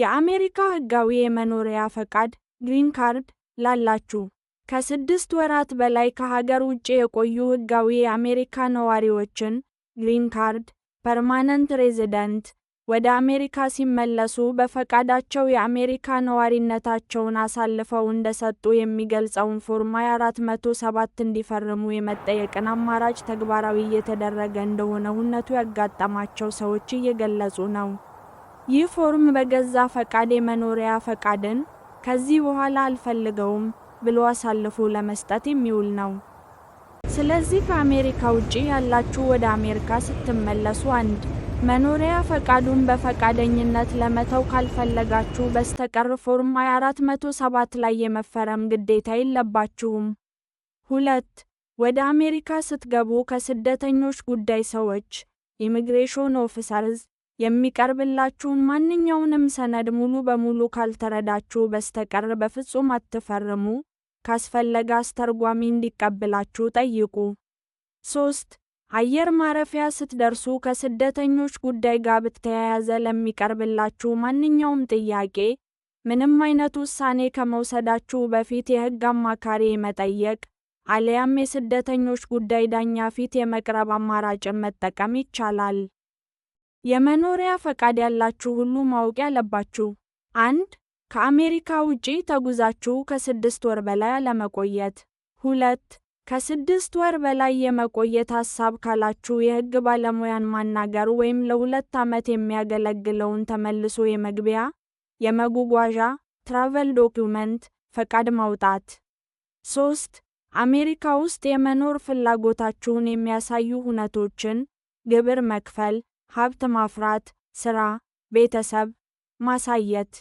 የአሜሪካ ሕጋዊ የመኖሪያ ፈቃድ ግሪን ካርድ ላላችሁ ከስድስት ወራት በላይ ከሀገር ውጭ የቆዩ ሕጋዊ የአሜሪካ ነዋሪዎችን ግሪን ካርድ ፐርማነንት ሬዚደንት ወደ አሜሪካ ሲመለሱ በፈቃዳቸው የአሜሪካ ነዋሪነታቸውን አሳልፈው እንደሰጡ የሚገልጸውን ፎርም 407 እንዲፈርሙ የመጠየቅን አማራጭ ተግባራዊ እየተደረገ እንደሆነ ውነቱ ያጋጠማቸው ሰዎች እየገለጹ ነው። ይህ ፎርም በገዛ ፈቃድ የመኖሪያ ፈቃድን ከዚህ በኋላ አልፈልገውም ብሎ አሳልፎ ለመስጠት የሚውል ነው። ስለዚህ ከአሜሪካ ውጪ ያላችሁ ወደ አሜሪካ ስትመለሱ አንድ መኖሪያ ፈቃዱን በፈቃደኝነት ለመተው ካልፈለጋችሁ በስተቀር ፎርም 2407 ላይ የመፈረም ግዴታ የለባችሁም። ሁለት ወደ አሜሪካ ስትገቡ ከስደተኞች ጉዳይ ሰዎች ኢሚግሬሽን ኦፊሰርዝ የሚቀርብላችሁን ማንኛውንም ሰነድ ሙሉ በሙሉ ካልተረዳችሁ በስተቀር በፍጹም አትፈርሙ። ካስፈለገ አስተርጓሚ እንዲቀበላችሁ ጠይቁ። ሶስት አየር ማረፊያ ስትደርሱ ከስደተኞች ጉዳይ ጋር በተያያዘ ለሚቀርብላችሁ ማንኛውም ጥያቄ ምንም አይነት ውሳኔ ከመውሰዳችሁ በፊት የሕግ አማካሪ መጠየቅ አለያም የስደተኞች ጉዳይ ዳኛ ፊት የመቅረብ አማራጭን መጠቀም ይቻላል። የመኖሪያ ፈቃድ ያላችሁ ሁሉ ማወቅ ያለባችሁ፣ አንድ ከአሜሪካ ውጪ ተጉዛችሁ ከስድስት ወር በላይ አለመቆየት። ሁለት ከስድስት ወር በላይ የመቆየት ሀሳብ ካላችሁ የሕግ ባለሙያን ማናገር ወይም ለሁለት ዓመት የሚያገለግለውን ተመልሶ የመግቢያ የመጓጓዣ ትራቨል ዶኪውመንት ፈቃድ ማውጣት። ሶስት አሜሪካ ውስጥ የመኖር ፍላጎታችሁን የሚያሳዩ ሁነቶችን ግብር መክፈል ሀብት ማፍራት፣ ስራ፣ ቤተሰብ ማሳየት።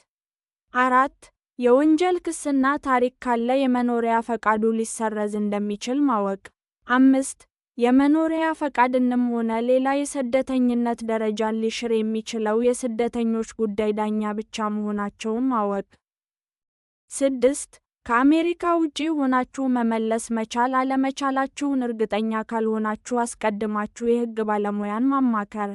አራት የወንጀል ክስና ታሪክ ካለ የመኖሪያ ፈቃዱ ሊሰረዝ እንደሚችል ማወቅ። አምስት የመኖሪያ ፈቃድንም ሆነ ሌላ የስደተኝነት ደረጃን ሊሽር የሚችለው የስደተኞች ጉዳይ ዳኛ ብቻ መሆናቸውን ማወቅ። ስድስት ከአሜሪካ ውጪ ሆናችሁ መመለስ መቻል አለመቻላችሁን እርግጠኛ ካልሆናችሁ አስቀድማችሁ የሕግ ባለሙያን ማማከር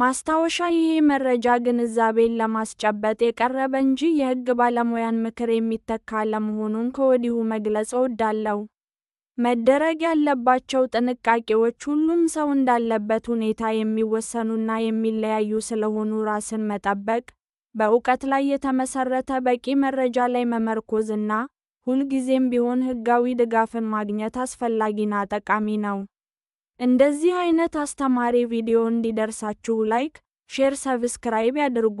ማስታወሻ ይህ መረጃ ግንዛቤን ለማስጨበጥ የቀረበ እንጂ የሕግ ባለሙያን ምክር የሚተካ ለመሆኑን ከወዲሁ መግለጽ እወዳለሁ። መደረግ ያለባቸው ጥንቃቄዎች ሁሉም ሰው እንዳለበት ሁኔታ የሚወሰኑና የሚለያዩ ስለሆኑ ራስን መጠበቅ፣ በእውቀት ላይ የተመሰረተ በቂ መረጃ ላይ መመርኮዝና ሁልጊዜም ቢሆን ሕጋዊ ድጋፍን ማግኘት አስፈላጊና ጠቃሚ ነው። እንደዚህ አይነት አስተማሪ ቪዲዮ እንዲደርሳችሁ ላይክ፣ ሼር፣ ሰብስክራይብ ያድርጉ።